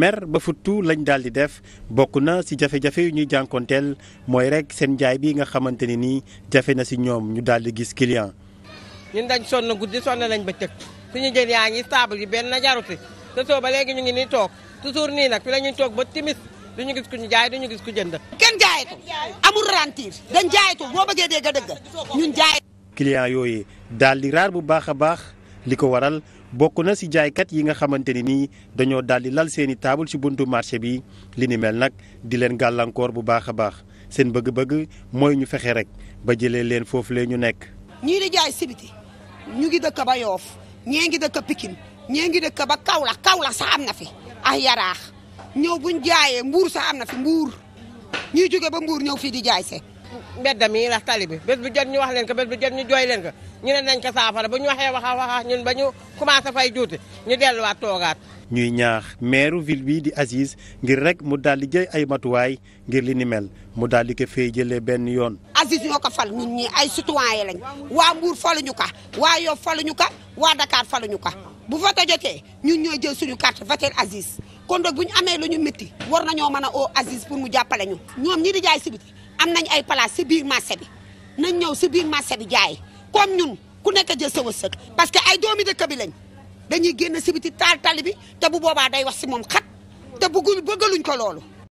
mer ba futtu lañ daal di def bokk na ci jafe-jafe yu ñuy jànkoonteel mooy rek seen njaay bi nga xamante ni nii jafe na ci ñoom ñu daal di gis client. ñun dañ sonn guddi sonn nañ bëccëg suñu jën yaa ngi table yi benn jaruti te soo ba léegi ñu ngi nii toog toujours nii nag fi la toog ba timis du ñu gis ku ñu jaay du gis ku jënd. kenn jaayatu amul rantir dañ jaayatu boo bëggee dégg dëgg ñun jaay. client yooyu daal di raar bu baax a baax. li ko waral bokk na ci jaaykat yi nga xamante ni nii dañoo daal di lal seeni taabal ci buntu marché bi li ni mel nag di leen gàllankoor bu baax a baax seen bëgg-bëgg mooy ñu fexe rek ba jëlee leen foofu la ñu nekk. ñii di jaay sibiti ñu ngi dëkk ba Yoof ñee ngi dëkk Pikine ñee ngi dëkk ba Kaolack Kaolack sax am na fi ay yaraax ñëw buñ jaayee mbuur sax am na fi mbuur ñuy jóge ba mbuur ñëw fii di jaay see. mbedd mi ndax tali bi bés bu jot ñu wax leen ko bés bu jot ñu jooy leen ko ñu ne nañ ko saafara bu ñu waxee waxa waxa ñun ba ñu commencé fay juuti ñu delluwaat toogaat. ñuy ñaax maire ville bi di Aziz ngir rek mu daal di jël ay matuwaay ngir li ni mel mu daal di ko fee jëlee benn yoon. Aziz ñoo ko fal ñun ñi ay citoyen lañ waa Mbour faluñu ka waa Yoff faluñu ka waa Dakar ñu ka bu vote jotee ñu ñooy jël suñu carte voter Aziz kon nag bu ñu ñu métti war nañoo mën a mu jàppale ñu ñoom am nañ ay place si biir marché bi nañ ñëw si biir marché bi jaay comme ñun ku nekk jël sa wërsëg parce que ay doomi dëkk bi dañuy génn si biti taal tali bi te bu boobaa day wax si moom xat te bëggul bëggaluñ ko loolu